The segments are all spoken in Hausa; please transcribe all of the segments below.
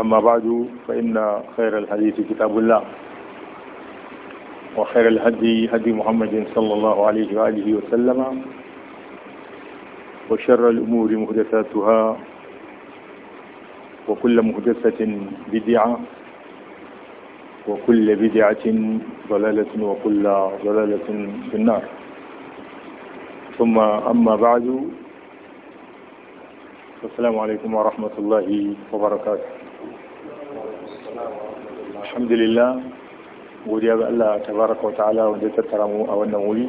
أما بعد فإن خير الحديث كتاب الله وخير الهدي هدي محمد صلى الله عليه وآله وسلم وشر الأمور محدثاتها وكل محدثة بدعة وكل بدعة ضلالة وكل ضلالة في النار ثم أما بعد السلام عليكم ورحمة الله وبركاته alhamdulillah godiya ga Allah tabaraka wa ta'ala wanda ya tattara mu a wannan wuri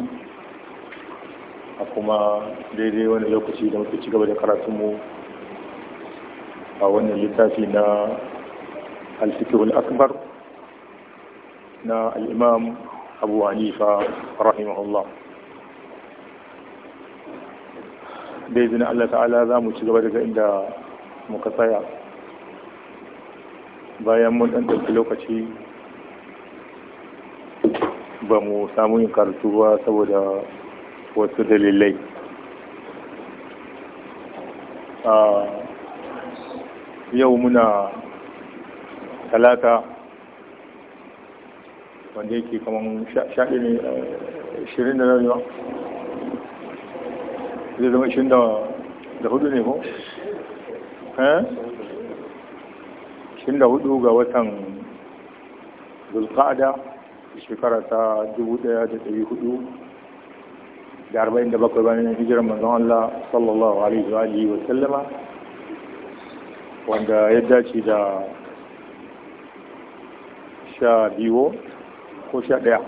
a kuma daidai wani lokaci da muke cigaba da karatun mu a wannan littafi na al akbar na al-imam Abu Hanifa rahimahullah daidai na Allah ta'ala za mu ci gaba daga inda muka tsaya bayan mun ɗan ɗauki lokaci ba mu samu yin karatu ba saboda wasu dalilai a yau muna talata wanda yake kamar shaɗi ne eh, shirin da narewa zai zama shirin da hudu ne ko? eh? 24 ga watan zulqa'ada shekara ta 1447 bayan hijirar manzon Allah sallallahu alaihi wa alihi wa sallama wanda ya dace da sha biyu ko sha ɗaya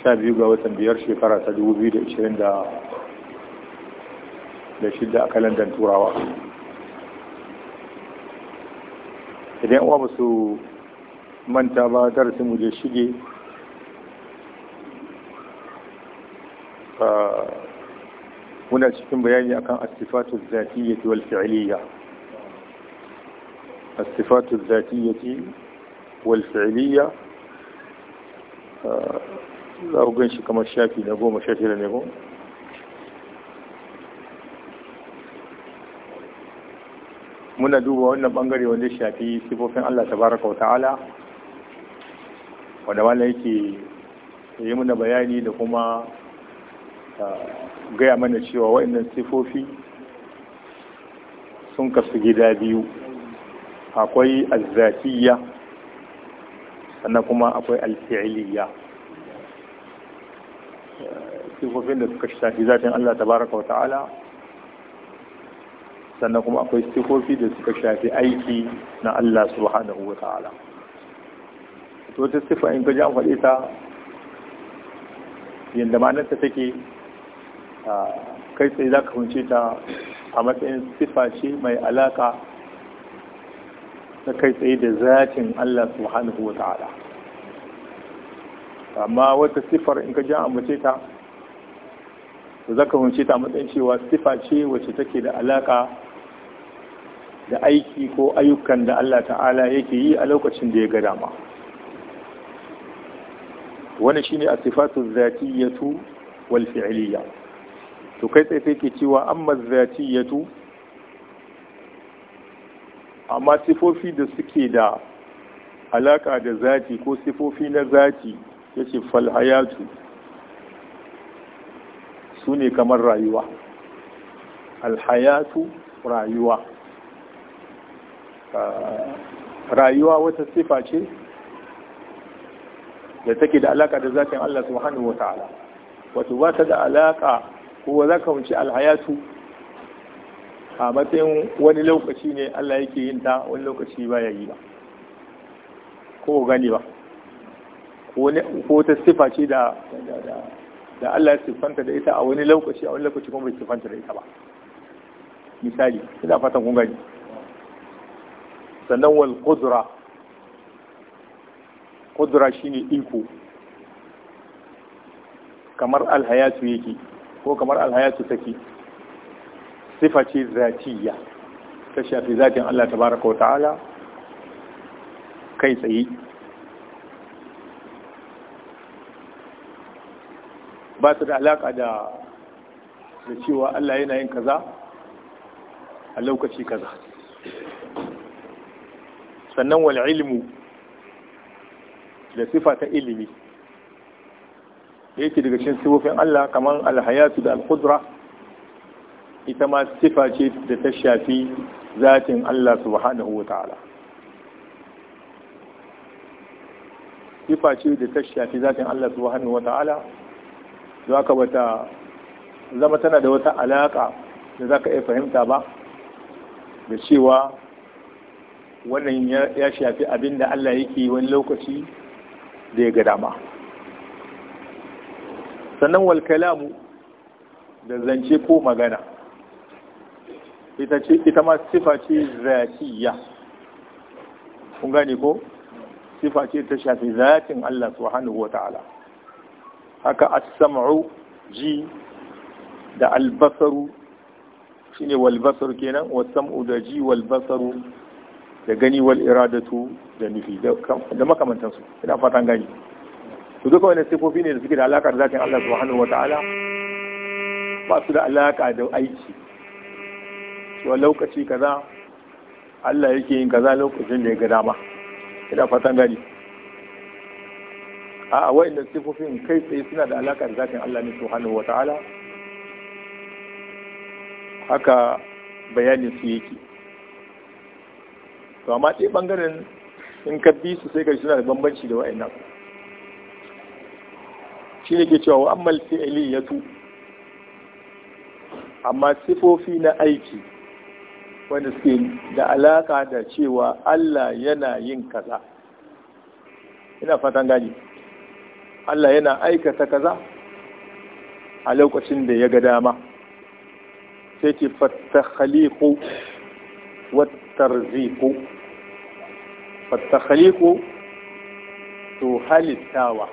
sha biyu ga watan biyar shekara ta 2026 a kalandar turawa idan uwa ba su manta ba darasin mu da shige muna cikin bayani akan asifatu zatiyyati wal fi'liyya asifatu zatiyyati wal fi'liyya za ku gan shi kamar shafi na goma shafi na goma muna duba wannan bangare wanda shafi sifofin Allah tabaraka wa ta'ala wanda wanda yake yi muna bayani da kuma ah, gaya mana cewa wa'annan sifofi sun kasu gida biyu akwai azzatiyya sannan kuma akwai alfi'iliya ah, sifofin da suka shafi zafin Allah tabaraka wa ta'ala sannan kuma akwai sifofi da suka shafi aiki na Allah subhanahu wa ta'ala to ta sifa in gaji an faɗe ta yadda ta take kai tsaye za ka kunce ta a matsayin sifa ce mai alaka ta kai tsaye da zatin Allah subhanahu wa ta'ala amma wata sifar in ka an mace ta za ka hunce ta matsayin cewa sifa ce wacce take da alaka da aiki ko ayyukan da Allah ta'ala yake yi a lokacin da ya ga dama wani shine as-sifatu tu wal fi'liyya to kai tsaye ke cewa amma zatiyatu amma sifofi da suke da alaka da zati ko sifofi na zati ya ce fal hayatu sune kamar rayuwa Alhayatu rayuwa rayuwa wata sifa ce da take da alaka da zatin Allah subhanahu wataala wato ba ta da alaka ko za ka wuce alhayatu a matsayin wani lokaci ne Allah yake yin ta wani lokaci ba ya yi ba ko gani ba ko ta sifa ce da da Allah ya siffanta da ita a wani lokaci a wani lokaci kuma bai siffanta da ita ba misali ina fatan kun gani sannan wal kudura kudura shine iko kamar alhayatu yake ko kamar alhayatu take sifa ce zatiya ta shafi zatin Allah tabaraka wa ta'ala kai tsaye ba su da alaƙa da da cewa Allah yana yin kaza a lokaci kaza sannan wal ilimu da sifa ta ilimi da yake daga cin sifofin Allah kamar alhayatu da alqudra ita ma sifa ce da ta shafi zatin Allah subhanahu wa ta'ala sifa ce da ta shafi zatin Allah subhanahu wa ta'ala za ka wata zama tana da wata alaƙa da za ka iya fahimta ba da cewa wannan ya shafi abin da Allah yake wani lokaci da ya ga dama sannan wal kalamu da zance ko magana ita ma sifa ce zatiya kun gane ko sifa ce ta shafi zatin Allah subhanahu wa ta'ala haka as-sam'u ji da albasaru shine walbasaru kenan wasam'u da ji walbasaru da gani wal iradatu da nufi da makamantansu ina fatan gani to duka wani sifofi ne da suke da alaka da zakin Allah subhanahu wa ta'ala ba su da alaka da aiki a lokaci kaza Allah yake yin kaza lokacin da ya ga dama ina fatan gani a da sifofin kai tsaye suna da alaka da zakin Allah ne subhanahu wa ta'ala haka bayanin su yake to amma ɗaya ɓangaren in ka bi su sai ka suna da bambanci da wa'annan shi ne ke cewa wa ammal fi'ili ya tu amma sifofi na aiki wanda suke da alaka da cewa Allah yana yin kaza ina fatan gani Allah yana aikata kaza a lokacin da ya ga dama sai ce fattakhaliqu wa tarziku fattakhaliku to halittawa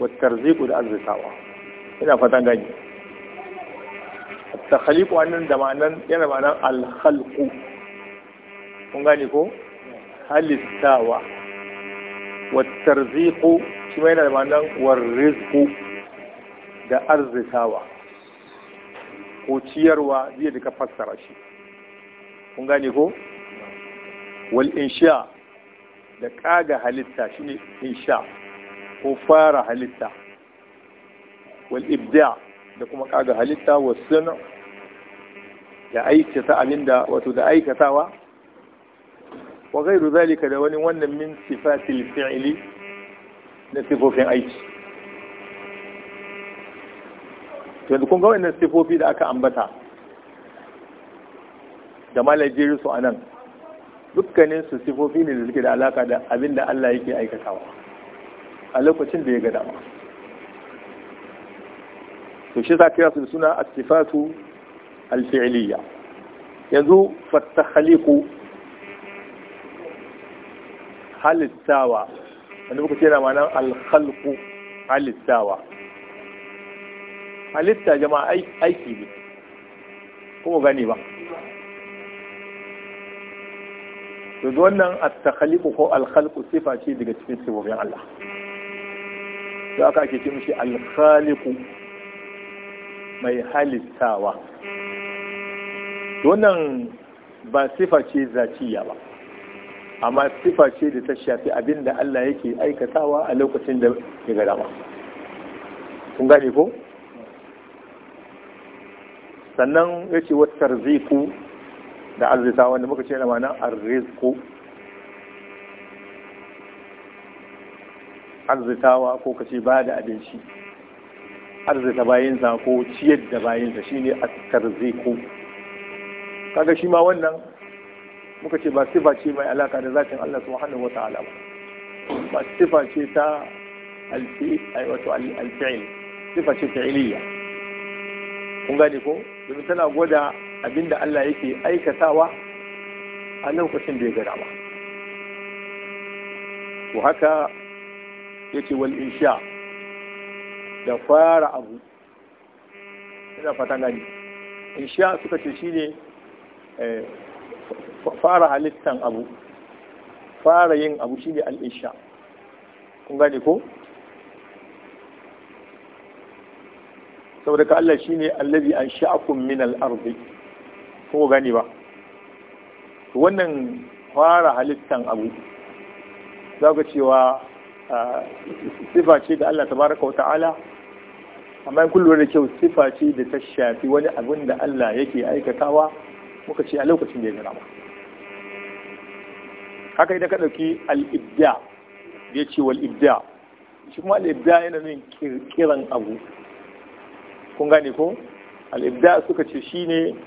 wattarziku da arzikawa ina fatan gani takhaliku annan da ma'anan yana ma'anan alhalku kun gane ko halittawa wattarziku shi ma yana da ma'anan warrizku da arzikawa ko ciyarwa zai ka fassara shi kun gane ko wal insha da kaga halitta shine insha ko fara halitta wal ibda da kuma kaga halitta wa sun da aikata abinda wato da aikatawa wa gairu zalika da wani wannan min sifatil fi'li na sifofin aiki yanzu kun ga wannan sifofi da aka ambata da malajiri su a nan dukkanin su sifofi ne da suke da alaka da abin da Allah yake aikatawa a lokacin da ya ga dama to shi za kira su da suna asifatu alfi'liya yanzu fattakhaliqu halittawa wanda muka ce na ma'anar alkhalqu halittawa halitta jama'a aiki ne kuma gani ba to wannan a takhliqu ko al sifa ce daga cikin sifofin Allah to aka ake ce mishi al mai halittawa wannan ba sifa ce zaciya ba amma sifa ce da ta shafi abin da Allah yake aikatawa a lokacin da ya ga dama kun gane ko sannan yace wa tarziku da arzita wanda muka ce da ma'ana arziko arzitawa ko ce ba da abinci arzita bayansa ko ciyar da shi shine a tarziku kaga shi ma wannan muka ce ba sifa ce mai alaka da zafin Allah Su wa wata alama. ba sifa ce ta alfi alfi'il sifa ce ta iliya kun gane ko domin tana gwada abinda Allah yake aikatawa a lokacin da ya gada ba to haka yake wal insha da fara abu ina fatan gani insha suka ce shine eh, fara halittan abu fara yin abu shine al-insha kun gane ko saboda ka Allah shine allazi ansha'akum min al-ardi ko gane ba to wannan fara halittan abu za ka cewa sifa da Allah tabaraka wata'ala amma in kullum da kyau sifa da ta shafi wani abin da Allah yake aikatawa muka ce a lokacin da ya gana haka idan ka ɗauki al'ibda ya ce wal ibda shi kuma al'ibda yana nan kiran abu kun gane ko al'ibda suka ce shine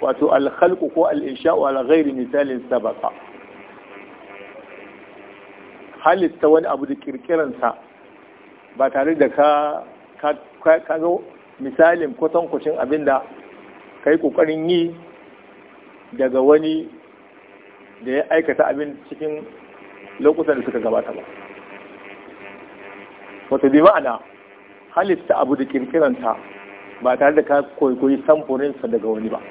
wato alkhalku ko al'insha'u ala ghairi misalin sabaka halitta wani abu da kirkiransa ba tare da ka ka misalin kwatankwacin abin da ka yi ƙoƙarin yi daga wani da ya aikata abin cikin lokutan da suka gabata ba wato bi ma'ana halitta abu da kirkiranta ba tare da ka koyi samfurinsa daga wani ba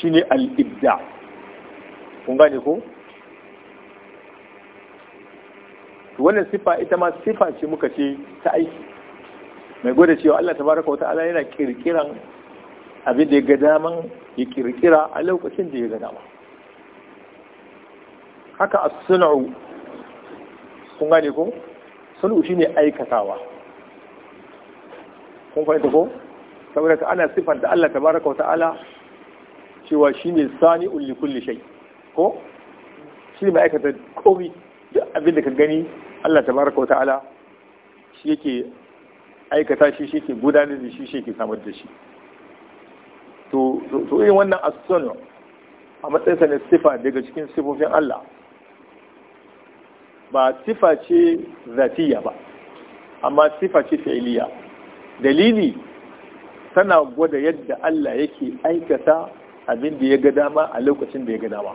shine al-ibda kun gane ko wannan sifa ita ma sifa ce muka ce ta aiki mai gwada cewa Allah baraka wa ta'ala yana kirkiran abin da ya ga daman ya kirkira a lokacin da ya ga dama haka a sunau kun gane ko sunu shine aikatawa kun fahimta ko saboda ana sifanta Allah baraka wa ta'ala cewa shi ne Sani ulli kulli shai, ko shi ne aikata komai da abin da ka gani Allah Ta tabaraka ta'ala shi yake aikata shi shi ke gudanar da shi shi ke samar da shi to irin wannan asusun a matsayinsa ne sifa daga cikin sifofin Allah ba sifa ce zatiya ba amma sifa ce fa'iliya dalili tana gwada yadda Allah yake aikata abin da ya ga dama a lokacin da ya ga dama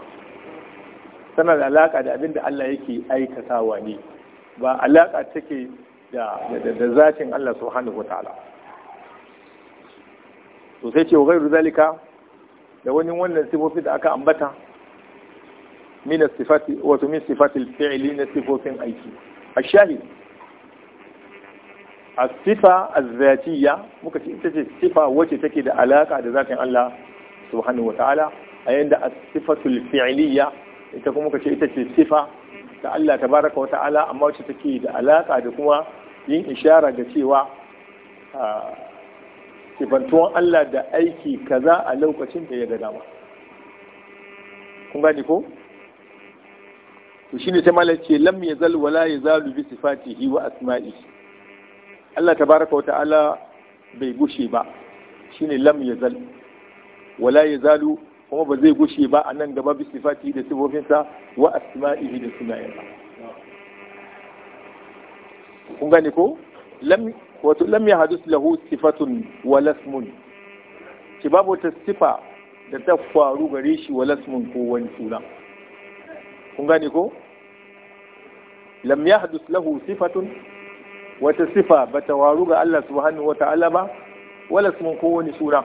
tana da alaƙa da abin da Allah yake aikatawa ne ba alaƙa take da zafin Allah subhanahu wa ta'ala to sai ce gairu zalika da wani wannan sifofi da aka ambata min sifati wato min sifati al-fi'li na sifofin aiki shahi, as-sifa az-zatiyya muka ce ita ce sifa wacce take da alaka da zatin Allah subhanahu wataala a yanda sifatul fi'liya ita kuma kace ita ce sifa ta Allah tabaraka wataala amma wacce take da alaka da kuma yin ishara ga cewa sifantuwan Allah da aiki kaza a lokacin da ya ga dama kun gani ko to shine sai malai ce lam yazal wala yazalu bi sifatihi wa Asma'i. Allah tabaraka wataala bai gushe ba shine lam zal. wala ya zalu kuma ba zai gushe ba a nan gaba bi sifati da sifofinsa wa asma'ihi da sunayensa kun gane ko lam wato lam yahdus lahu sifatun wala ismun ki babu ta sifa da ta faru gare shi wala ismun ko wani suna kun gane ko lam yahdus lahu sifatun wata sifa ta waru ga Allah subhanahu ta'ala ba wala ismun ko wani suna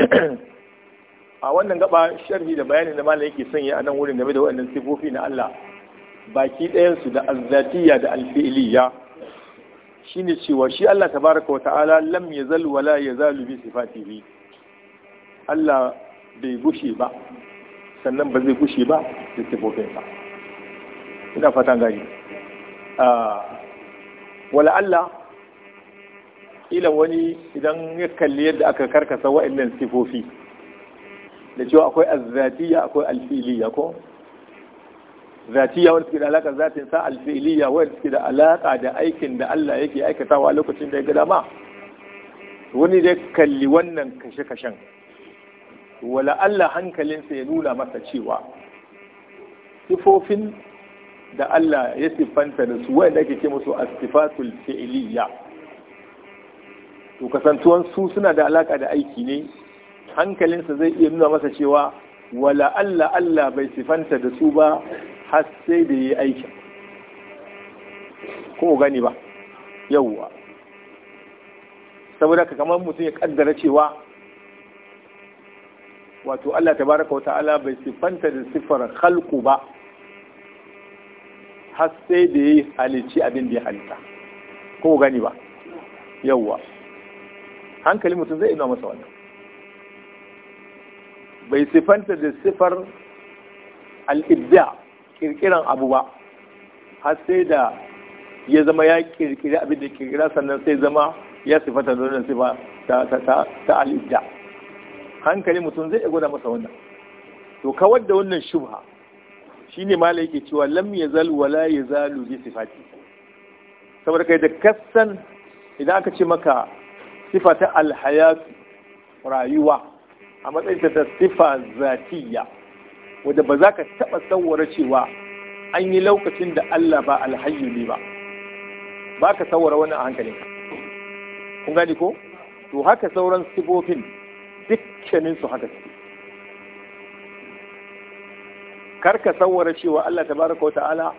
a wannan gaba sharhi da bayani da malam yake sanya a nan wurin game da waɗannan sifofi na Allah baki ɗayansu da azzatiya da alfi'iliya shine cewa shi Allah tabaraka wa ta'ala lam yazal wala yazal bi sifatihi Allah bai gushe ba sannan ba zai gushe ba da sifofinsa ina fatan gani ah, wala Allah kila wani idan ya kalli yadda aka karkasa wa'annan sifofi da cewa akwai azzatiya akwai alfiliya ko zatiya wanda suke da alaka zatin sa alfiliya wanda suke da alaka da aikin da Allah yake aikatawa lokacin da ya ga dama wani da kalli wannan kashe-kashen wala Allah hankalinsa ya nuna masa cewa sifofin da Allah ya siffanta da su wanda ake ce musu astifatul fi'liya to kasantuwan su suna da alaka da aiki ne hankalinsa zai iya nuna masa cewa wala Allah Allah bai sifanta da su ba har sai da yi aikin ko gani ba yawwa saboda ka kamar mutum ya kaddara cewa wato Allah ta baraka wata ala bai siffanta da siffar halku ba har sai da ya halicci abin da ya halita ko gani ba yawwa hankali mutum zai ina masa wannan bai sifanta da sifar al'ibda kirkiran abu ba har sai da ya zama ya kirkiri abin da kirkira sannan sai zama ya sifanta da wannan sifa ta al'ibda hankali mutum zai gwada masa wannan to kawar da wannan shubha shine ma yake cewa lam yazal wala zalu bi sifati saboda kai da kassan idan aka ce maka sifa ta alhayatu rayuwa a matsayin ta sifa zatiya wadda ba za ka taɓa tsawara cewa an yi lokacin da Allah ba alhayyu ne ba ba ka tsawara wannan a hankalin kun gani ko to haka sauran sifofin dukkanin su haka suke kar ka tsawara cewa Allah tabaraka wa ta'ala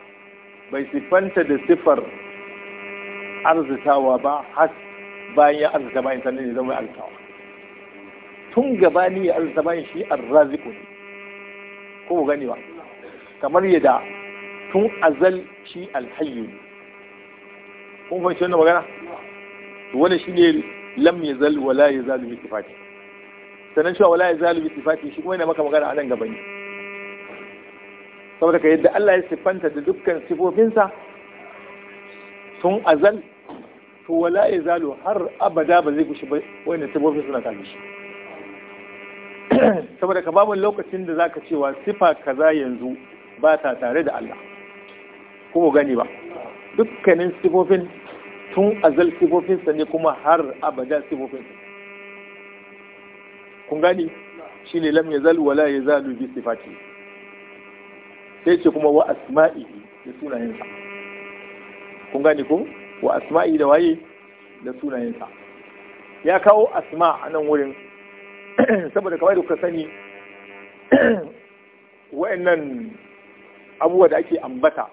bai sifanta da sifar arzitawa ba har bayan ya arzika bayan sannan ya zama arzikawa tun gaba ni ya arzika bayan shi raziku ne ko gani ba kamar yadda tun azal shi alhayyu ne kun fahimci wannan magana wani shi ne lam ya zal wala ya zalu bi tifati sannan cewa wala ya zalu bi tifati shi kuma yana maka magana a nan gaba ne saboda ka yadda Allah ya siffanta da dukkan sifofinsa sun azal to wala ya zalo har abada ba zai gushi ba wanda sabobin suna kame shi saboda ka babu lokacin da zaka cewa sifa kaza yanzu ba ta tare da Allah ko gani ba dukkanin sifofin tun azal sa ne kuma har abada sifofin? kun gani shi ne lam ya zalu wala ya zalu bi sifati sai ce kuma wa asma'i da sunayensa kun gani ko wa asma'i da waye da sunayensa ya kawo asma a nan wurin saboda kawai da kuka sani wa'annan abubuwa da ake ambata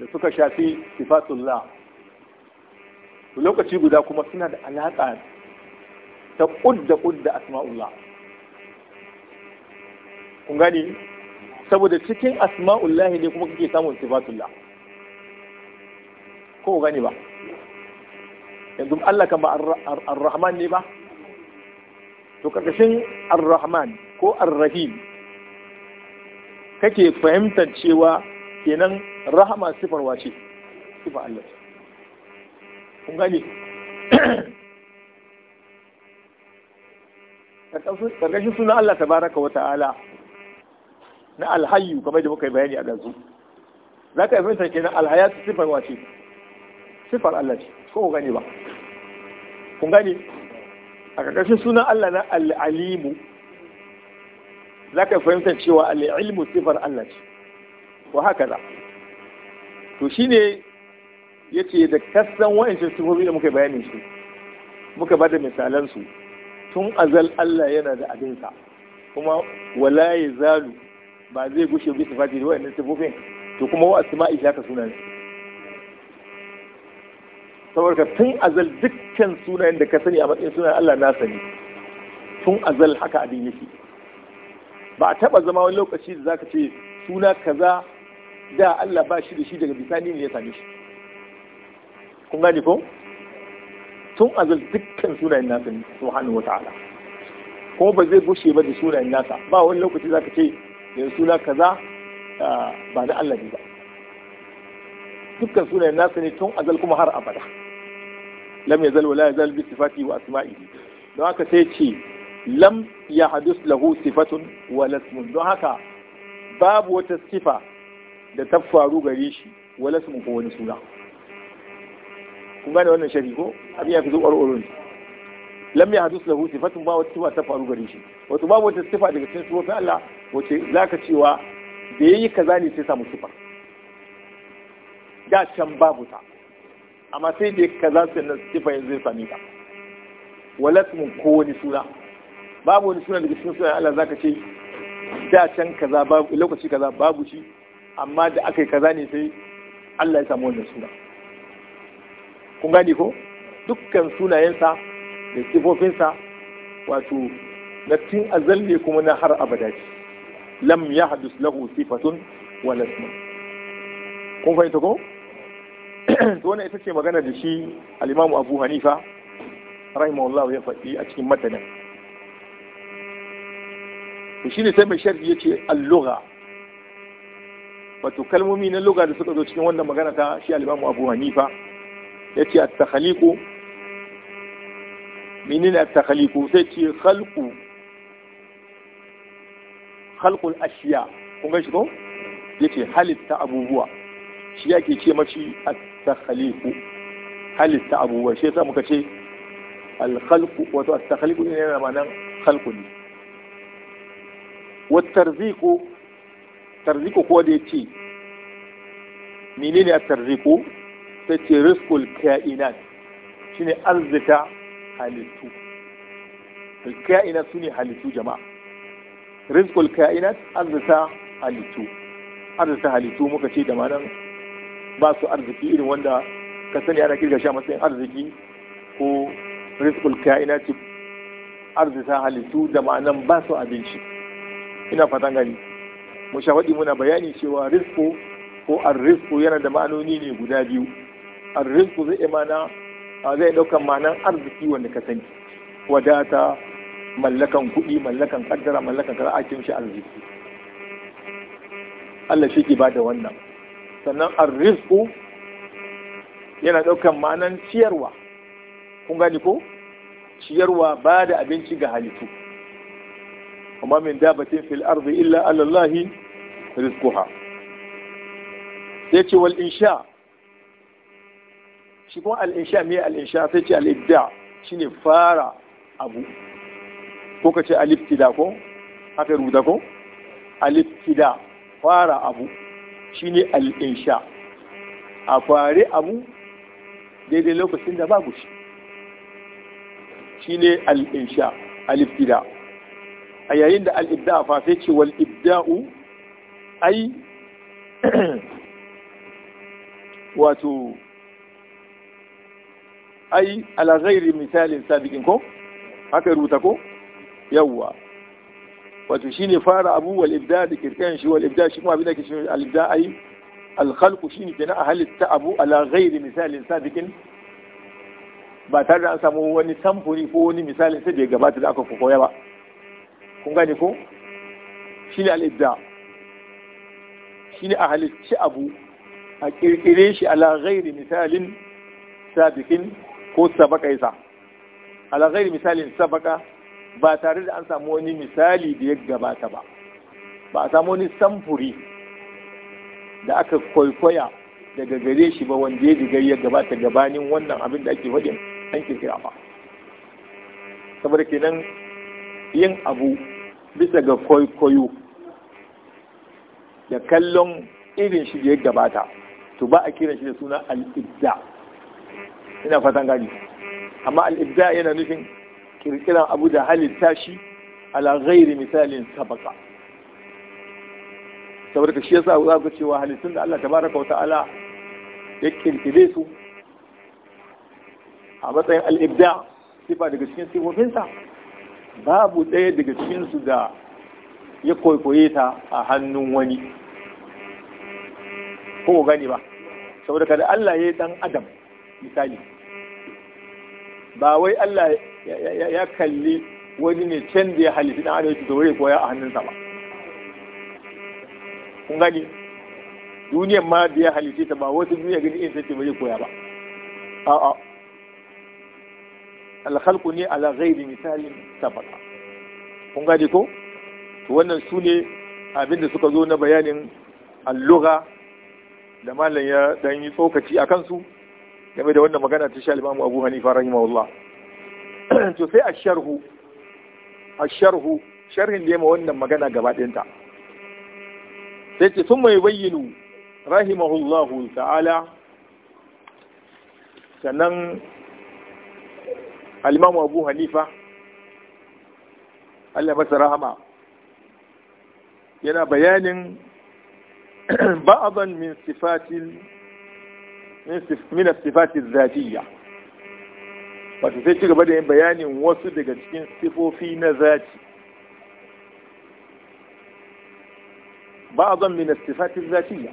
da suka shafi sifatullah lokaci guda kuma suna da alaƙa ta ƙudda ƙudda asma'ullah kun gani saboda cikin asma'ullahi ne kuma kake samun sifatullah ko gani ba yanzu Allah kan ba ar-rahman ne ba to karkashin ar-rahman ko ar-rahim kake fahimtar cewa kenan rahama sifar wace sifar Allah kun gani karkashin suna Allah tabaraka wa ta'ala na alhayu kamar da muka yi bayani a ɗazu za ka yi fahimtar kenan alhaya sifar wace sifar Allah ce ko ku gani ba kun gani? a ƙarƙashin sunan Allah na al'alimu za ka fahimtar cewa al'ilmu sifar Allah ce ko haka za to shi ne ya ce da kasan wa'ancin sifofi da muka bayanin su muka ba da misalansu tun azal Allah yana da abinsa kuma wala zalu ba zai gushe bi fati da wa'annan sifofin to kuma wa asma'i sunan su saboda tun azal dukkan sunayen da ka sani a matsayin sunayen Allah na sani tun azal haka abin yake ba a taba zama wani lokaci da zaka ce suna kaza da Allah ba shi da shi daga bisani ne ya same shi kun gane ko tun azal dukkan sunayen nasa ne subhanahu wata'ala Ko ba zai gushe ba da sunayen nasa ba wani lokaci zaka ce yanzu suna kaza ah, ba na Allah ne ba dukkan sunayen nasa ne tun azal kuma har abada lam ya yazal wala zal bi sifati wa asma'ihi don haka sai ce lam ya hadus lahu sifatun wala ismun don haka babu wata sifa da ta faru gare shi wala ismun ko wani suna kun gane wannan shari ko abin ya fi zo ƙwarƙwaron lam ya hadis lahu sifatun ba wata sifa ta faru gare shi wato babu wata sifa daga cikin sifofin Allah wace za zaka cewa da yayi kaza ne sai samu sifa da can babu ta amma sai da kaza sannan sifa yanzu zai sami ka walat mun ko wani suna babu wani suna daga cikin sunan Allah zaka ce da can kaza babu lokaci kaza babu shi amma da aka yi kaza ne sai Allah ya samu wannan suna kun gane ko dukkan sunayensa da sifofinsa wato na tun azalle kuma na har abada ce lam yahdus lahu sifatun walat mun. kun fahimta ko to ita ce magana da shi alimamu Abu Hanifa rahimahullah ya faɗi a cikin matanin to ne sai mai sharhi ya ce lugha wato kalmomi na lugha da suka zo cikin wannan magana ta shi alimamu Abu Hanifa ya ce at-takhliqu menene at takhaliku sai ce khalku khalqul ashiya kun ga shi ko ce halitta abubuwa shi yake ce mashi takhaliqu halitta abubuwa shi yasa muka ce alkhalku wato at-takhliqu ne yana nan khalqu ne wa tarziqu tarziqu ko da yace menene at-tarziqu Ta ce rizqul kainat shine arzika halittu al-kainat sune halittu jama'a rizqul kainat arzika halittu arzika halittu muka ce da nan. ba su arziki irin wanda ka sani ana kirga shi a matsayin arziki ko rizqul kaina ce arzikin halittu da ma'anan ba su abinci ina fatan gani mu shawadi muna bayani cewa rizqo ko arrizqo yana da ma'anoni ne guda biyu arrizqo zai imana zai ɗaukan ma'anan arziki wanda ka sani wadata mallakan kuɗi mallakan kaddara mallakan kara akin shi arziki Allah shi ke ba da wannan sannan arrizku yana ɗaukan ma'anan ciyarwa kun gani ko ciyarwa ba da abinci ga halittu amma min dabatin fil arzi illa alallahi rizquha sai ce wal insha shi kuma al insha me al insha sai ce al ibda shine fara abu ko ka ce al ibtida ko haka rubuta ko al ibtida fara abu shine al'insha a fare abu daidai lokacin da babu shi shine al'insha insha a yayin da al'ibda a fa sai ce wal'ibda'u ai wato ai ala misalin sabikin ko haka rubuta ko yawwa wato shine fara abu wal ibda da kirkiran shi wal ibda shi kuma abin da ke shi al ibda ai al khalqu shine kenan a halitta abu ala ghairi misalin sabiqin ba tare da an samu wani samfuri ko wani misalin sai da ya gabata da aka koya ba kun gane ko shine al ibda shine a halitta abu a kirkire shi ala ghairi misalin sabiqin ko sabaka isa ala ghairi misalin sabaka ba tare da an samu wani misali da ya gabata ba ba a samu wani samfuri da aka kwaikwaya daga gare shi ba wanda ya diga ya gabata gabanin wannan abin da ake wajen an kirkira ba saboda kenan yin abu bisa ga kwaikwayo da kallon irin shi da ya gabata to ba a kiran shi da suna al'ibda ina fatan gani amma al'idda yana nufin kirkiran abu da halitta shi ala ghairi misalin sabaka saboda shi yasa za ku cewa halittun da Allah tabaraka wa ta'ala ya kirkire su a matsayin al-ibda sifa daga cikin sa babu ɗaya daga cikin su da ya kwaikwaye ta a hannun wani ko gani ba saboda kada Allah ya yi dan adam misali ba wai Allah ya kalli wani ne can da ya halitta dan adam yake dore koya a hannunsa ba kun gani duniyar ma da ya halitta ta ba wasu duniya gani in sace bai koya ba a'a alkhalqu ne ala ghairi misalin sabaqa kun gani ko to wannan su ne abinda suka zo na bayanin alluga da malam ya dan yi tsokaci a kansu game da wannan magana ta sha al-Imam Abu Hanifa rahimahullah to sai a sharhu a sharhu sharhin da yamma wannan magana gaba ɗinta sai ce sun mai bayyinu rahimahullahu ta'ala sannan alimamu abu hanifa allah masa rahama yana bayanin ba'adan min sifatil min sifatil zatiyya wato sai ci gaba da yin bayanin wasu daga cikin sifofi na zaci ba'adhan min as-sifat az-zatiyya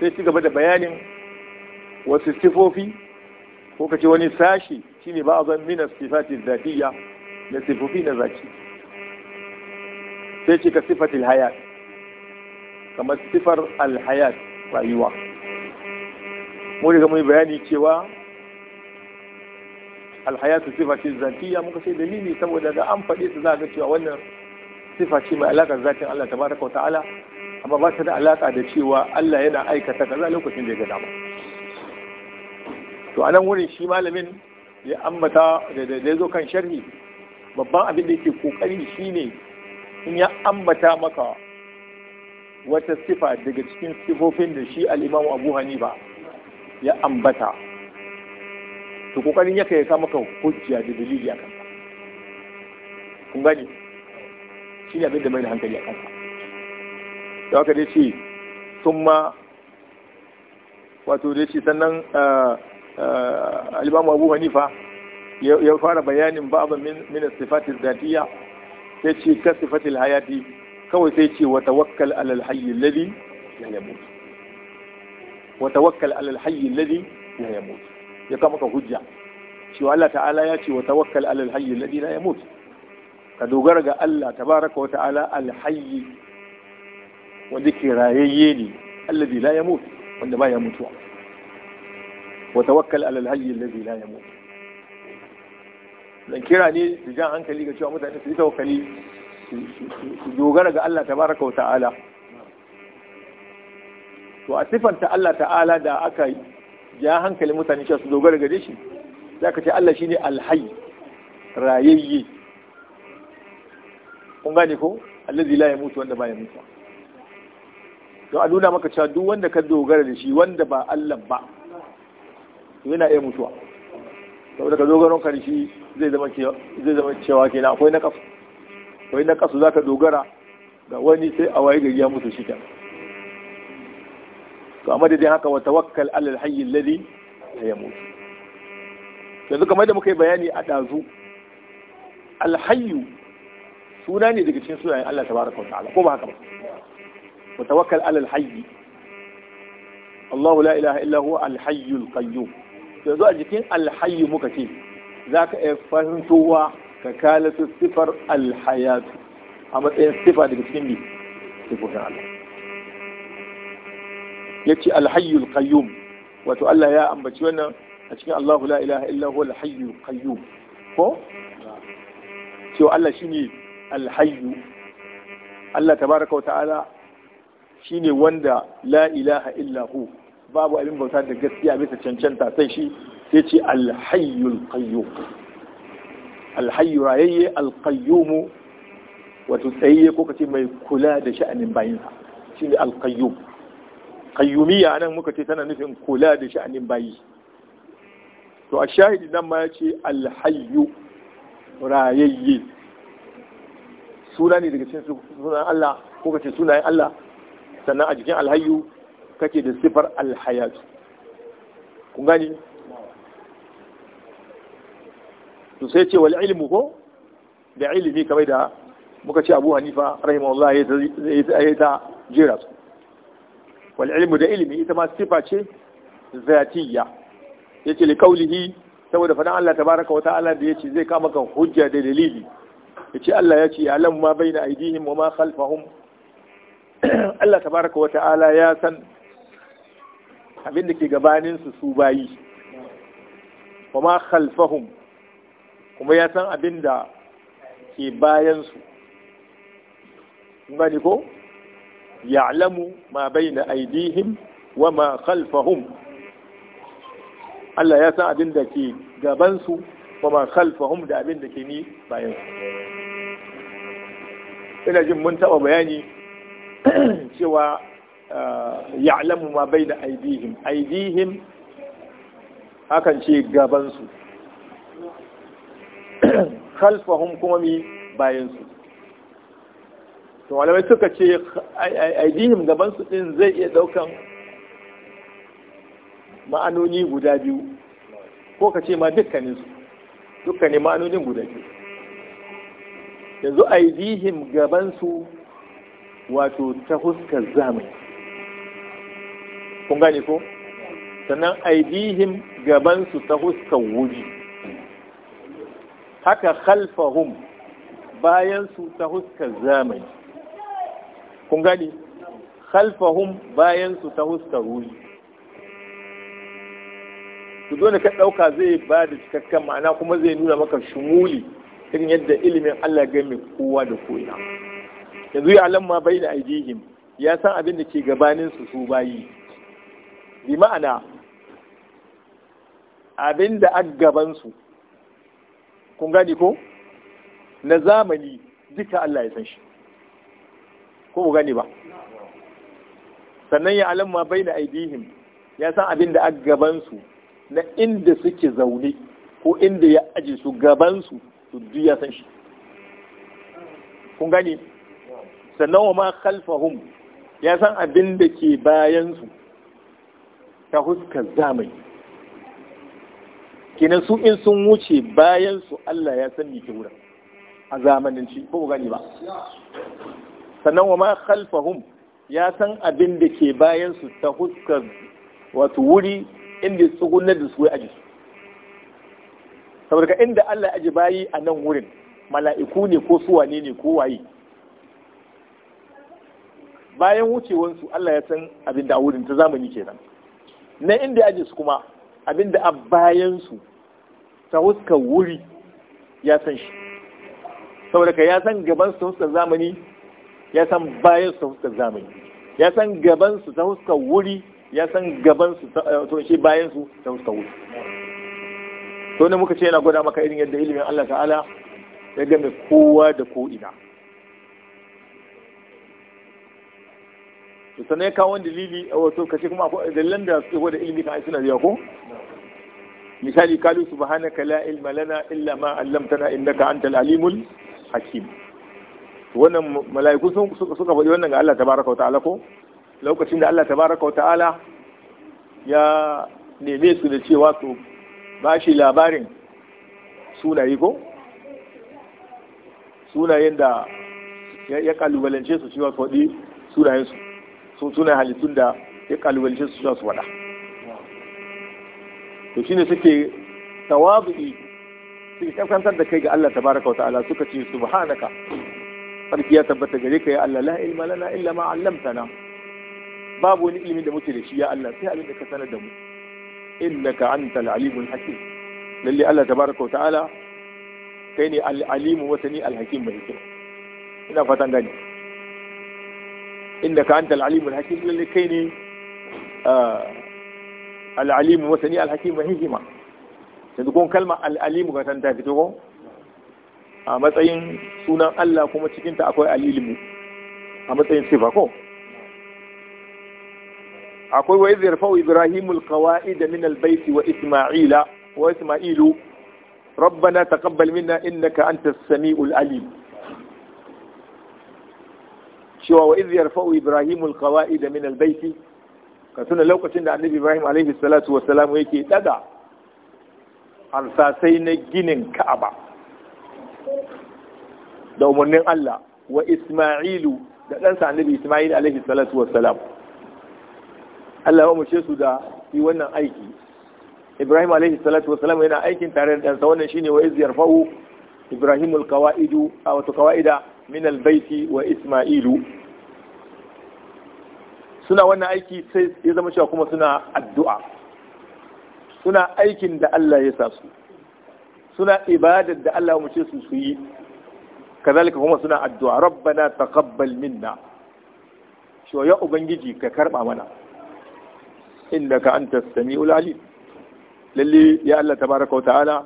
sai ci gaba da bayanin wasu sifofi ko kace wani sashi shine ba'adhan min as-sifat az-zatiyya na sifofi na zaci sai ce ka sifatil hayat kamar sifar al-hayat rayuwa mu riga mun bayani cewa alhayatu sifa ce ya muka sai dalili saboda da an faɗi su za ga cewa wannan sifa ce mai alaƙa zatin Allah tabaraka wa ta'ala amma ba ta da alaƙa da cewa Allah yana aikata kaza lokacin da ya ga dama to anan wurin shi malamin ya ambata da da zo kan sharhi babban abin da yake kokari shine in ya ambata maka wata sifa daga cikin sifofin da shi al-Imam Abu Hanifa ya ambata to kokarin yaka ya kama kan hujja da dalili a kansa kun gani shi ne abin da mai da hankali a kansa da haka dai ce sun ma wato dai ce sannan ah, ah, alimamu abu hanifa ya fara bayanin ba'aba min sifatil datiya sai ce ka sifatil hayati kawai sai ce wata wakkal alal hayyi alladhi la yamut wata wakkal alal hayyi alladhi la yamut ya ka hujja cewa Allah ta'ala ya ce wa tawakkal alal hayy alladhi la yamut ka dogara ga Allah tabaaraka wa ta'ala al hayy wanda ke rayayye ne alladhi la yamut wanda ba ya mutuwa wa tawakkal alal hayy alladhi la yamut dan kira ne da jan hankali ga cewa mutane su yi tawakkali su dogara ga Allah tabaaraka wa ta'ala to a sifanta Allah ta'ala da aka ja hankalin mutane cewa su dogara gare shi za ka ce Allah ne alhayy rayayye kun gane ko allazi la mutu wanda ba ya mutu don a nuna maka cewa duk wanda ka dogara da shi wanda ba Allah ba to yana iya mutuwa saboda ka dogaron karshe zai zama cewa zai zama cewa kenan akwai na kasu akwai na kasu zaka dogara ga wani sai a waye gari ya mutu shi kenan to amma dai haka wa tawakkal alal hayy alladhi la yamut yanzu kamar da muka yi bayani a dazu hayy suna ne daga cikin sunayen Allah tabaraka wa ta'ala ko ba haka ba wa tawakkal alal hayy Allahu la ilaha illa huwa al qayyum yanzu a jikin hayy muka ce zaka iya fahimtowa ka kalatu sifar alhayatu a matsayin sifa daga cikin bi sifofin Allah yace alhayyul kayyum wato Allah ya ambaci wannan a cikin Allahu la ilaha illa huwa alhayyul qayyum ko cewa Allah shine alhayyu Allah tabaraka wa ta'ala shine wanda la ilaha illa hu babu abin bauta da gaskiya bisa cancanta sai shi sai ce alhayyul qayyum alhayyu rayayye alqayyum wato tsayayye ko kace mai kula da sha'anin bayinsa shine alqayyum qayyumiyya nan muka ce tana nufin kula da sha'anin bayi to a shahidi nan ma ya ce alhayyu rayayye suna ne daga cikin sunan Allah ko kace sunayen Allah sannan a jikin alhayyu kake da sifar alhayatu kun gani to sai ce wal ilmu ko da ilimi kamar da muka ce Abu Hanifa rahimahullah ya ta jira su wal’ilmu ilmu da ilimi ita ma sifa ce zatiyya yace li kaulihi saboda fadan Allah baraka wa ta'ala da yace zai kama kan hujja da dalili yace Allah yace ya'lam ma baina aydihim wa ma khalfahum Allah baraka wa ta'ala ya san abin da ke gabanin su su bayi wa ma khalfahum kuma ya san abin da ke bayan su gani ko ya'lamu ma bayna aydihim wa ma khalfahum Allah ya san abin da ke gaban su wa ma khalfahum da abin da ke ni bayan su ina jin mun taba bayani cewa ya'lamu ma bayna aydihim aydihim hakan ce gaban su khalfahum kuma mi bayan su to malamai suka ce aidihim gaban su din zai iya daukan ma'anoni guda biyu ko ka ce ma dukkanin su dukkanin ma'anonin guda biyu yanzu aidihim gaban su wato ta huskar zamani kun gane ko sannan aidihim gaban su ta huskar wuri haka khalfahum bayan su ta huskar zamani kun gani khalfahum bayan su ta huskar su dole ka ɗauka zai ba da cikakken ma'ana kuma zai nuna maka shumuli irin yadda ilimin Allah ga kowa da koya yanzu ya alamma bai da aijihim ya san abin da ke gabanin su su bayi bi ma'ana abin da an gabansu kun gani ko na zamani duka Allah ya san shi ko ku gani ba sannan ya alamma bai na aidihim ya san abin da aka gabansu na inda suke zaune ko inda ya aji su gabansu su duk ya san shi kun gani sannan wa ma khalfahum ya san abin da ke bayansu ta huskar zamani kenan su in sun wuce bayansu Allah ya san ke wurin a zamanin ci ko gani ba sannan wa ma khalfahum ya san abin da ke bayan su ta huskar wato wuri inda tsugunar da su ya aji saboda inda Allah aji bayi a nan wurin mala'iku ne ko wane ne ko waye bayan wucewansu Allah ya san abin da a wurin ta zamani kenan na inda aji su kuma abin da a bayan su ta huskar wuri ya san shi saboda ka ya san gaban su ta huskar zamani ya san bayan su ta fuskar zamani ya san gaban su ta fuskar wuri ya san gaban su eh, to shi bayan su ta fuskar wuri to ne muka ce yana gwada maka irin yadda ilimin Allah ta'ala ya game kowa da ko ina to sannan ya kawo wani dalili wato kace kuma dalilan da suke gwada ilimi kan suna da ko misali kalu subhanaka la ilma lana illa ma allamtana innaka antal alimul hakim wannan mala'iku sun suka faɗi wannan ga Allah tabaraka wa ta'ala ko lokacin da Allah tabaraka wa ta'ala ya neme su da cewa su ba shi labarin sunaye ko sunayen da ya kalubalance su cewa su faɗi sunayen su so suna halittun da ya kalubalance su cewa su faɗa to shine suke tawazu'i suke kafkantar da kai ga Allah tabaraka wa ta'ala suka ce subhanaka sarki ya tabbata gare ka ya Allah la ilma lana illa ma 'allamtana babu wani ilimi da muke da shi ya Allah sai abin da ka sanar da mu innaka antal alimul hakim lalle Allah tabaraka wa ta'ala kai ne al-alimu wa sani al-hakim mai hikima ina fatan gani innaka antal alimul hakim lalle kai ne al-alimu wa sani al-hakim mai hikima sai kun kalma al-alimu ka san ta fito ko a matsayin sunan Allah kuma cikinta akwai alilimu a matsayin sifa ko akwai wa izir fa'u ibrahimul qawa'id min albayt wa isma'ila wa isma'ilu rabbana taqabbal minna innaka antas samiul alim cewa wa iz yarfa'u ibrahimu alqawa'id min albayt ka tuna lokacin da annabi ibrahim alaihi salatu wa salam yake daga harsasai na ginin ka'aba da umarnin Allah wa Isma'ilu da ɗansa annabi Isma'il alaihi salatu wassalam Allah ya umarce su da yi wannan aiki Ibrahim alaihi salatu wassalam yana aikin tare da ɗansa wannan shine wa izyar yarfa'u Ibrahim alqawaidu aw min albayti wa Isma'ilu suna wannan aiki sai ya zama cewa kuma suna addu'a suna aikin da Allah ya sa su suna ibadar da Allah mu ce su su yi kazalika kuma suna addu'a rabbana taqabbal minna shi ya ubangiji ka karba mana innaka antas samiul alim lalle ya Allah tabaraka wa ta'ala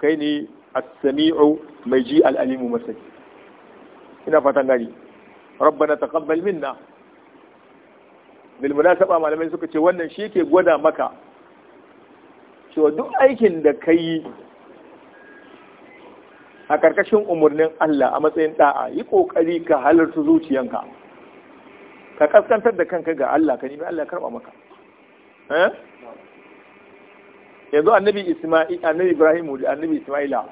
kai ne as-sami'u mai ji al-alimu masai ina fatan gani rabbana taqabbal minna bil munasaba malamai suka ce wannan shi ke gwada maka cewa duk aikin da kai a ƙarƙashin umarnin Allah a matsayin ɗa'a yi ƙoƙari ka halarta zuciyanka ka ƙaskantar da kanka ga Allah ka nemi Allah karɓa maka eh? yanzu annabi Isma'il annabi Ibrahim da annabi Isma'ila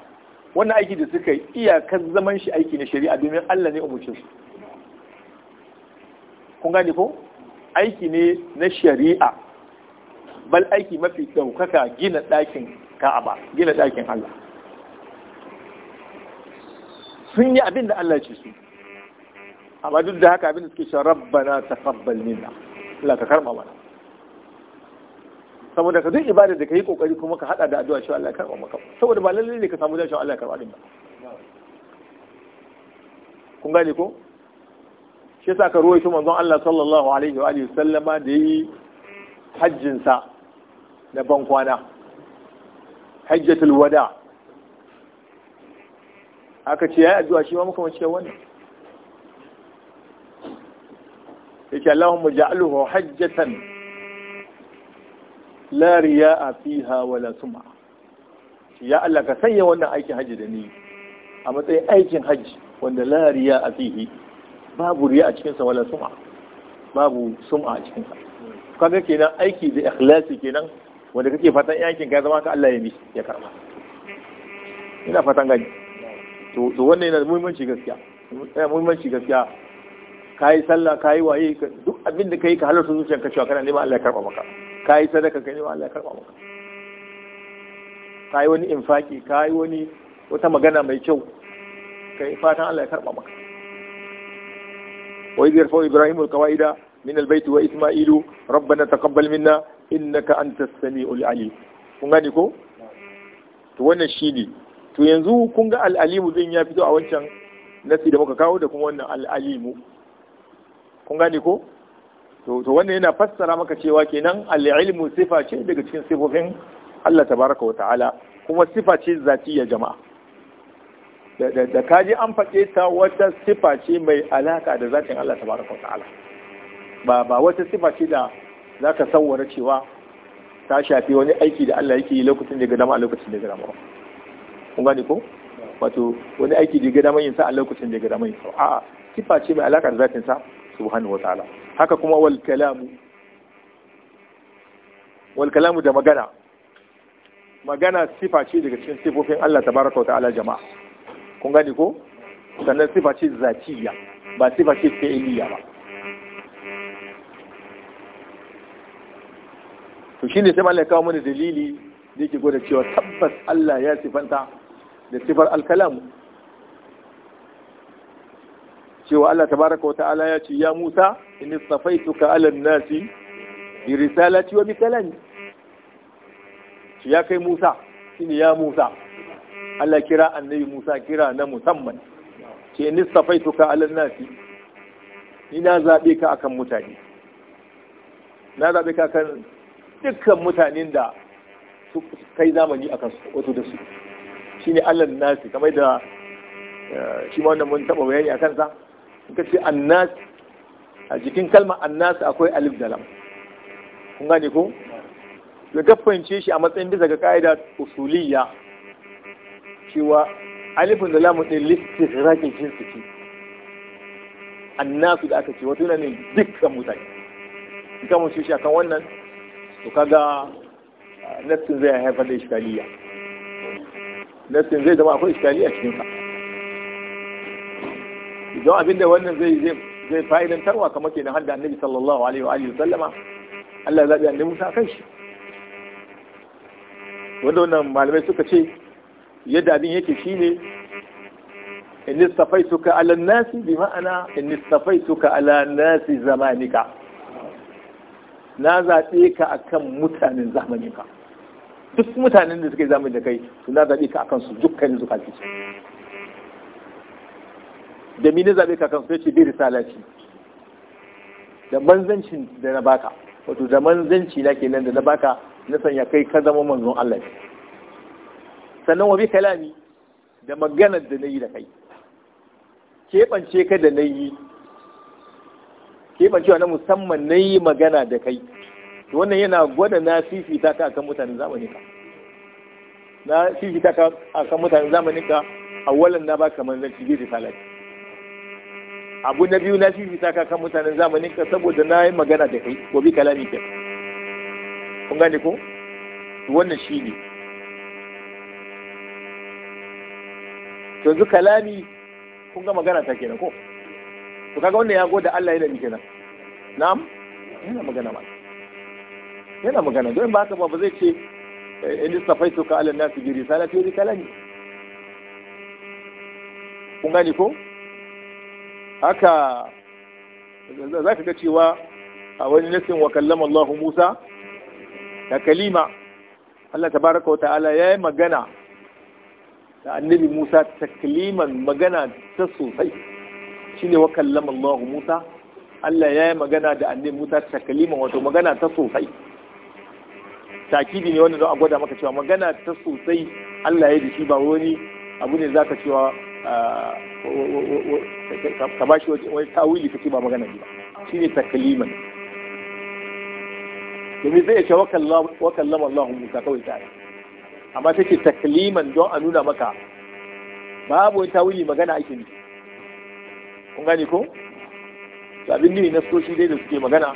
wannan aiki da suka yi iyakar zaman shi aiki na shari'a domin Allah ne umarci su kun gane ko aiki ne na shari'a bal aiki mafi ɗaukaka gina ɗakin Ka'aba gina ɗakin Allah sun yi abin da Allah ce su amma duk da haka abin da suke cewa rabbana taqabbal minna Allah ka karba mana saboda ka duk ibada da ka yi kokari kuma ka hada da addu'a cewa Allah ya karba maka saboda ba lallai ne ka samu dacewa Allah ya karba din ba kun gane ko shi yasa ka ruwaito manzon Allah sallallahu alaihi wa alihi sallama da yi hajjin sa da ban kwana hajjatul wada' aka ce ya yi addu'a shi ma muka mace wani yake Allahumma ja'alhu hajjatan lariya a fiha wala sum'a ya Allah ka sanya wannan aikin hajji da ni a matsayin aikin hajji wanda la a fihi babu riya a cikinsa wala sum'a babu sum'a a cikinsa kaga kenan aiki da ikhlasi kenan wanda kake fatan yankin ka zama ka Allah ya bi ya karba ina fatan gani to wannan yana da muhimmanci gaskiya yana muhimmanci gaskiya kayi sallah yi waye duk abin da yi ka halarta zuciyar ka cewa kana neman Allah ya karba maka Ka yi sadaka ka neman Allah ya karba maka Ka yi wani infaki yi wani wata magana mai kyau ka yi fatan Allah ya karba maka wa idh fa ibrahimu al-qawaida min albayt wa isma'ilu rabbana taqabbal minna innaka antas samiul alim kun gane ko to wannan shi ne. to yanzu kun ga al'alimu zai ya fito a wancan nasi da muka kawo da kuma wannan al'alimu kun gane ko to wannan yana fassara maka cewa kenan al'ilmu sifa ce daga cikin sifofin Allah tabaraka wa ta'ala kuma sifa ce ya jama'a da kaji an faɗe ta wata sifa ce mai alaka da zatin Allah tabaraka wa ta'ala ba ba wata sifa ce da zaka sawwara cewa ta shafi wani aiki da Allah yake yi lokacin da ya ga dama a lokacin da ya ga dama kun gane ko wato wani aiki da ya ga yin sa a lokacin da ya ga damar yin sa a'a sifa ce mai alaka da zatin sa subhanahu wa ta'ala haka kuma wal kalamu wal kalamu da magana magana sifa ce daga cikin sifofin Allah tabaraka wa ta'ala jama'a kun gane ko sannan sifa ce zatiya ba sifa ce fi'iliya ba to shine sai malaka kawo mana dalili da yake gwada cewa tabbas Allah ya sifanta da sifar alkalam cewa Allah tabaraka wata'ala ya ce ya Musa in safaituka ala nasi bi risalati wa bi kalami ya kai Musa shine ya Musa Allah kira annabi Musa kira na musamman ce in safaituka ala nasi ina zabe ka akan mutane na zabe ka akan dukkan mutanen da kai zamani akan wato da su ne allan nasi kamar da eh, shi ma wannan mun taba bayani a kansa in ka ce annas a jikin kalma annas akwai alif da lam kun gane ko da gaffance shi a matsayin bisa ga ka'ida usuliyya cewa alifin da lamun ɗin da rakin jinsi ce annasu da aka ce wato yana ne dukkan mutane in ka mun shi akan wannan to kaga eh, nafsin zai haifar da iskaliya nassin zai zama akwai iskali a cikinsa don abinda wannan zai zai zai fa'idantarwa kamar kenan hadda annabi sallallahu alaihi wa sallama Allah ya zabi annabi Musa kan shi wanda wannan malamai suka ce yadda abin yake shi shine in istafaituka ala nasi bi ma'ana in istafaituka ala nasi zamanika na zaɓe ka akan mutanen zamaninka duk mutanen da suka yi zamani da kai su na zaɓe ka akan su dukkanin su kafi da mi na zaɓe ka akan su bai risala ce da manzancin da na baka wato da manzanci na kenan da na baka na sanya kai ka zama manzon Allah sannan wabi kalami da maganar da na yi da kai keɓance ka da na yi keɓancewa na musamman na yi magana da kai to wannan yana gwada na fifita ka akan mutanen zamanin ka na fifita ka akan mutanen zamanin ka wallan na ba zan manzanci da talaki abu na biyu na fifita ka akan mutanen zamanin ka saboda na yi magana da kai ko bi kalami ke kun gane ko wannan shi ne yanzu kalami kun ga magana ta kenan ko to kaga wannan ya goda Allah yana ni kenan na'am yana magana ma yana magana don ba haka ba ba zai ce in to ka ala nasu bi risalati wa kalami kun gani ko haka za ka ga cewa a wani nasin wa kallama Allah Musa da kalima Allah tabaraka wa ta'ala ya yi magana da annabi Musa takliman magana ta sosai shine wa kallama Allah Musa Allah ya yi magana da annabi Musa takliman wato magana ta sosai takidi ne wanda zo a gwada maka cewa magana ta sosai Allah ya da shi ba wani abu ne zaka cewa ka ba shi wani tawili kake ba magana ba shine takliman domin zai ce wa kallama Allah Musa kawai ta amma take takliman don a nuna maka babu wani tawili magana ake ne kun gane ko abin ne na soshi dai da suke magana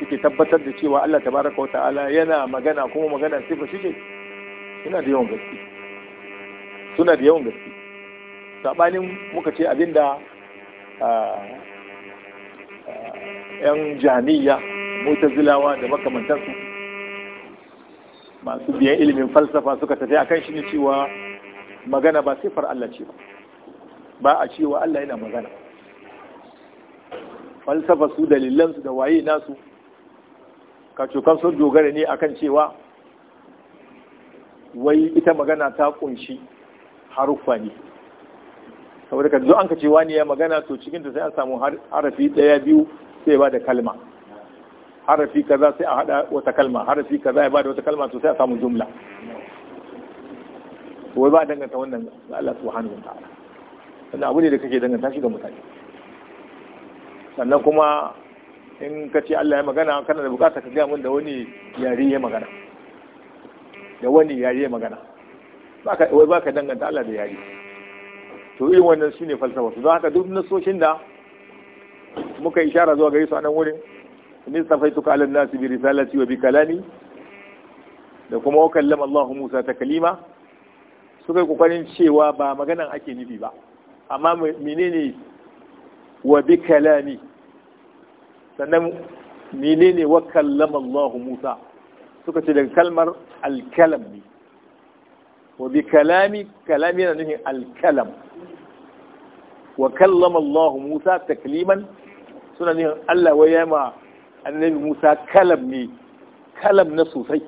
suke tabbatar da cewa Allah tabaraka ta'ala yana magana kuma magana sifa shi ce suna da yawan gaske suna da yawan gaske sabanin muka ce abinda yan jami'a zilawa da makamantarsu, masu biyan ilimin falsafa suka tafi a kan shi ne cewa magana ba sifar Allah ce ba ba a cewa Allah yana magana falsafa su dalilansu da waye nasu kacokan sun dogara ne akan cewa wai ita magana ta kunshi haruffa ne saboda ka zo an ka cewa ne ya magana to cikin ta sai an samu harafi daya biyu sai ba da kalma harafi kaza sai a hada wata kalma harafi kaza ya ba da wata kalma to sai a samu jumla wai ba danganta wannan ga Allah subhanahu wa ta'ala wannan abu ne da kake danganta shi ga mutane sannan kuma in ka ce Allah ya magana kana da bukata ka gaya min da wani yare ya magana da wani yare ya magana ba ka danganta Allah da yare to irin wannan su ne falsafa su don haka duk nasoshin da muka ishara zuwa gare su anan wurin ni safaituka ala nasi bi risalati wa bi kalami da kuma wakallama Allah Musa ta kalima suka yi kokarin cewa ba maganan ake nufi ba amma menene wa bi kalami sannan menene wa kallama Allah Musa suka ce daga kalmar alkalam ne wa bi kalami kalami yana nufin alkalam wa kallama Allah Musa takliman suna nufin Allah wa yama annabi Musa kalam ne kalam na sosai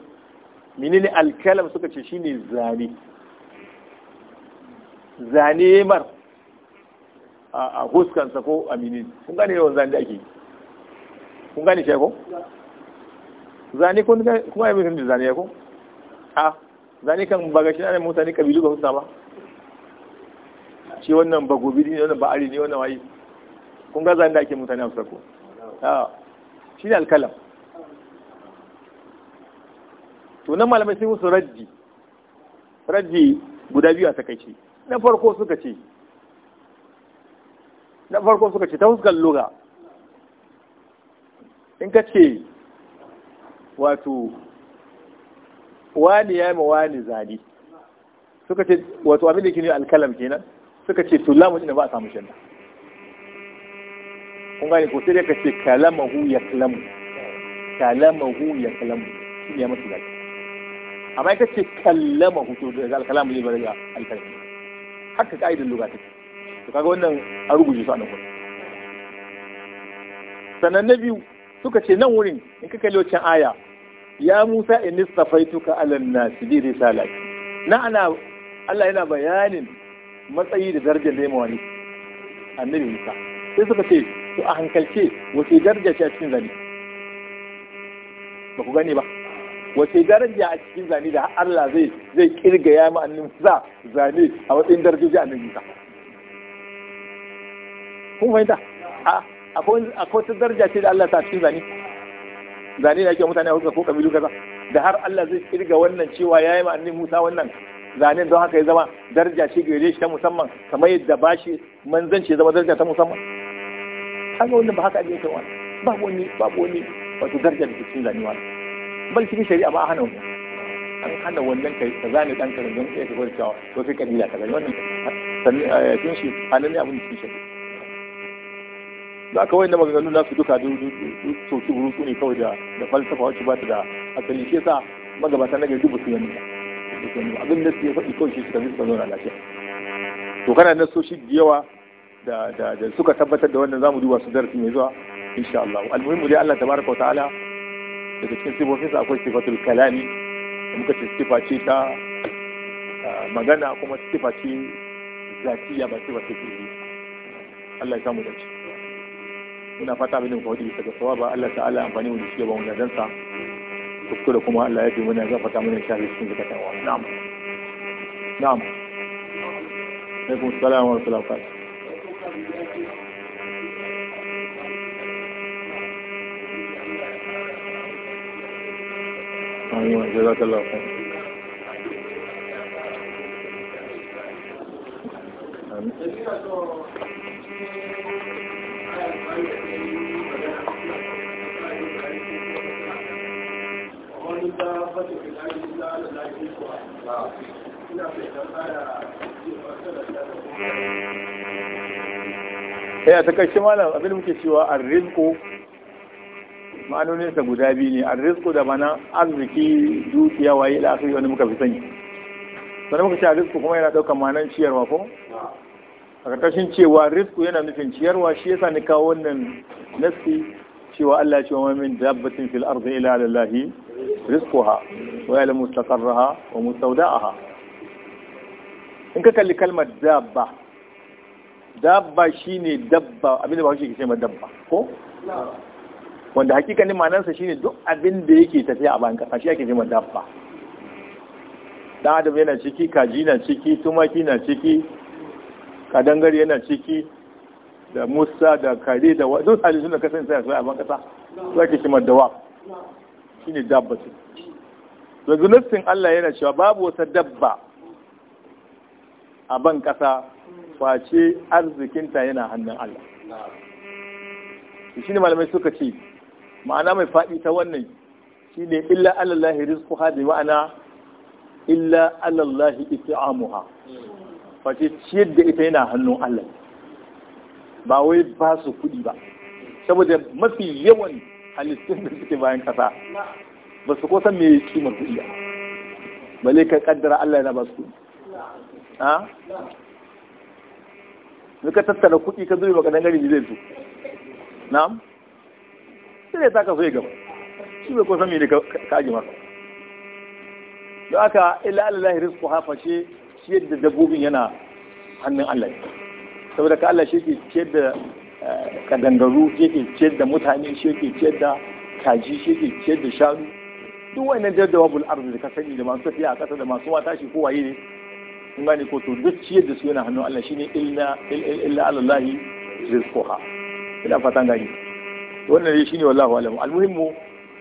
menene alkalam suka ce shine zane zane mar a huskansa ko a menene kun gane yawan zane da ake yi kun gane shi ko zane kun ga kuma ya mutum da zane ko a zane kan ba gashi ana mutane kabilu ga husna ba shi wannan ba gobi ne wannan ba ari ne wannan wayi kun ga zane da ake mutane amsa ko a shi ne alkalam to nan malamai sai musu raddi raddi guda biyu a takaice na farko suka ce na farko suka ce ta fuskar lugha in ka ce wato wani ya ma wani zane suka ce wato abin da ke ne alkalam kenan suka ce to lamun ina ba a samu shanda kun gani ko sai dai ka ce kalamahu ya kalamu kalamahu ya kalamu shi ne masu zaki amma ka ce kalamahu to daga alkalamu ne ba daga alkalam haka ka'idar lugha take to kaga wannan a rubuce su a nan sannan na biyu suka ce nan wurin in ka kalli wancan aya ya Musa in istafaituka alal nasi bi risalati na ana Allah yana bayanin matsayi da darajar da mawani annabi Musa sai suka ce to a hankalce wace daraja ce a cikin zani ba ku gane ba wace daraja a cikin zane da Allah zai zai kirga ya mu annabi Musa zane a matsayin darajoji annabi Musa kun fahimta a akwai wata daraja ce da Allah ta cikin zane zane da ake mutane a huska ko kabilu kaza da har Allah zai kirga wannan cewa ya yi ma'annin Musa wannan zane, don haka ya zama daraja ce gare shi ta musamman kamar yadda ba shi manzanci ya zama daraja ta musamman kaga wannan ba haka ajiye kai wani babu wani babu wani wato daraja da cikin zane wani bal cikin shari'a ba a hana wani. an hana wannan kai ka zane dan karin don sai ka gwada cewa ka kai ka zane wannan sannan eh, shi halin ne abin da cikin shari'a za kawai da maganganu na su duka soki burutsu ne kawai da falsafa wacce ba ta da asali shi yasa magabata na gari busu su abin da su ya faɗi kawai shi suka zuwa zauna lafiya to kana na soshi da yawa da suka tabbatar da wannan zamu duba su darasi mai zuwa insha Allah almuhimmu dai Allah tabaraka wa ta'ala daga cikin sifofinsa akwai sifatul kalami muka ce sifa ce ta magana kuma sifa ce zatiya ba sifa ce Allah ya samu dace ina fata abin da muka wadi daga ba Allah ta'ala amfani mu da shi ba mu da dansa kuskure kuma Allah ya fi mana fata mana shafi cikin da wa na'am na'am sai assalam wa alaikum wa barakatuh ايوه جزاك الله خير Thank you. wata eh, fitari illa ala lafi kuwa ina fitan baya ya ta kashi malam abin muke cewa arrizko ma'anoninsa guda biyu ne arrizko da mana arziki dukiya waye da aka yi wani muka fi sani sannan muka ce arrizko kuma yana ɗaukar ma'anar ciyarwa ko a ƙarƙashin cewa rizku yana nufin ciyarwa shi yasa ni kawo wannan nasi cewa Allah ya ce wa min dabbatin fil ardi ila lillahi rizquha wa ya'lamu mustaqarraha wa mustawda'aha in ka kalli kalmar dabba dabba shine dabba abinda ba shi ke cewa dabba ko wanda hakikanin ma'anarsa shine duk abin da yake tafiya a bayan kasa shi ake cewa dabba dan adam yana ciki kaji na ciki tumaki na ciki kadangare yana ciki da musa da kare da duk halittu da kasance a bayan kasa su ake cewa dawa shine dabbatu daga nassin Allah yana cewa babu wata dabba a ban ƙasa face arzikinta yana hannun Allah shi ne malamai suka ce ma'ana mai faɗi ta wannan shi ne illa alallahi rizquha bi ma'ana illa alallahi it'amuha face ciyar da ita yana hannun Allah ba wai ba su kuɗi ba saboda mafi yawan halittun da suke bayan kasa ba su kusan me kimar kuɗi ba ne ka kaddara Allah yana ba su kuɗi ha ka tattara kuɗi ka zuwa kadan gari zai su na'am sai ta ka so ya gaba shi bai kosan me ne ka aje masa don haka illa Allah rizqu hafa shi yadda dabbobin yana hannun Allah saboda ka Allah shi ke ciyar da kadangaru shi yake ciyar da mutane shi yake ciyar da kaji shi yake ciyar da shanu duk wannan jadawabul arzi da ka sani da masu tafiya a ƙasa da masu wata shi kowaye ne in gane ko to duk ciyar da su yana hannun Allah shine illa illa Allah rizquha ina fatan gani wannan dai shine wallahi alamu almuhimmu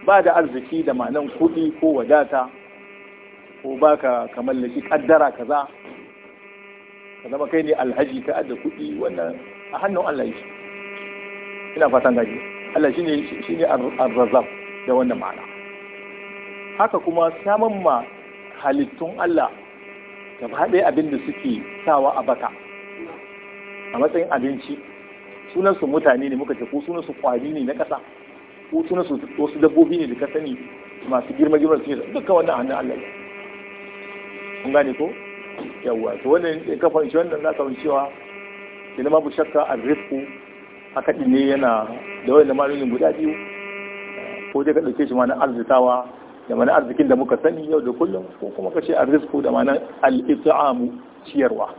ba da arziki da ma'anan kuɗi ko wadata ko baka kamar laki kaddara kaza ka zama kai ne alhaji ka adda kuɗi wannan a hannun Allah yake ina fatan gaji Allah shine shine ar-razzaq da wannan ma'ana haka kuma samun ma halittun Allah da haɗe abin da suke sawa a baka a matsayin abinci sunansu mutane ne muka ce ko sunansu kwari ne na ƙasa ko sunansu wasu dabbobi ne da ka sani masu girma girma su ne dukkan wannan hannun Allah ne kun gane ko yawwa to wannan ya ka shi wannan za ka cewa ke ma bu shakka a rizku haka ne yana da wani malolin guda biyu ko dai ka ɗauke shi ma na arzikawa da mana arzikin da muka sani yau da kullum ko kuma ka ce arziku da mana al'ita'amu ciyarwa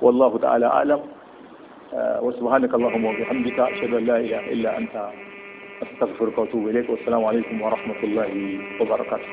wallahu ta'ala alam eh, wa subhanaka allahumma wa bihamdika ashhadu an la ilaha illa anta astaghfiruka wa atubu ilayk wa assalamu alaikum wa rahmatullahi wa barakatuh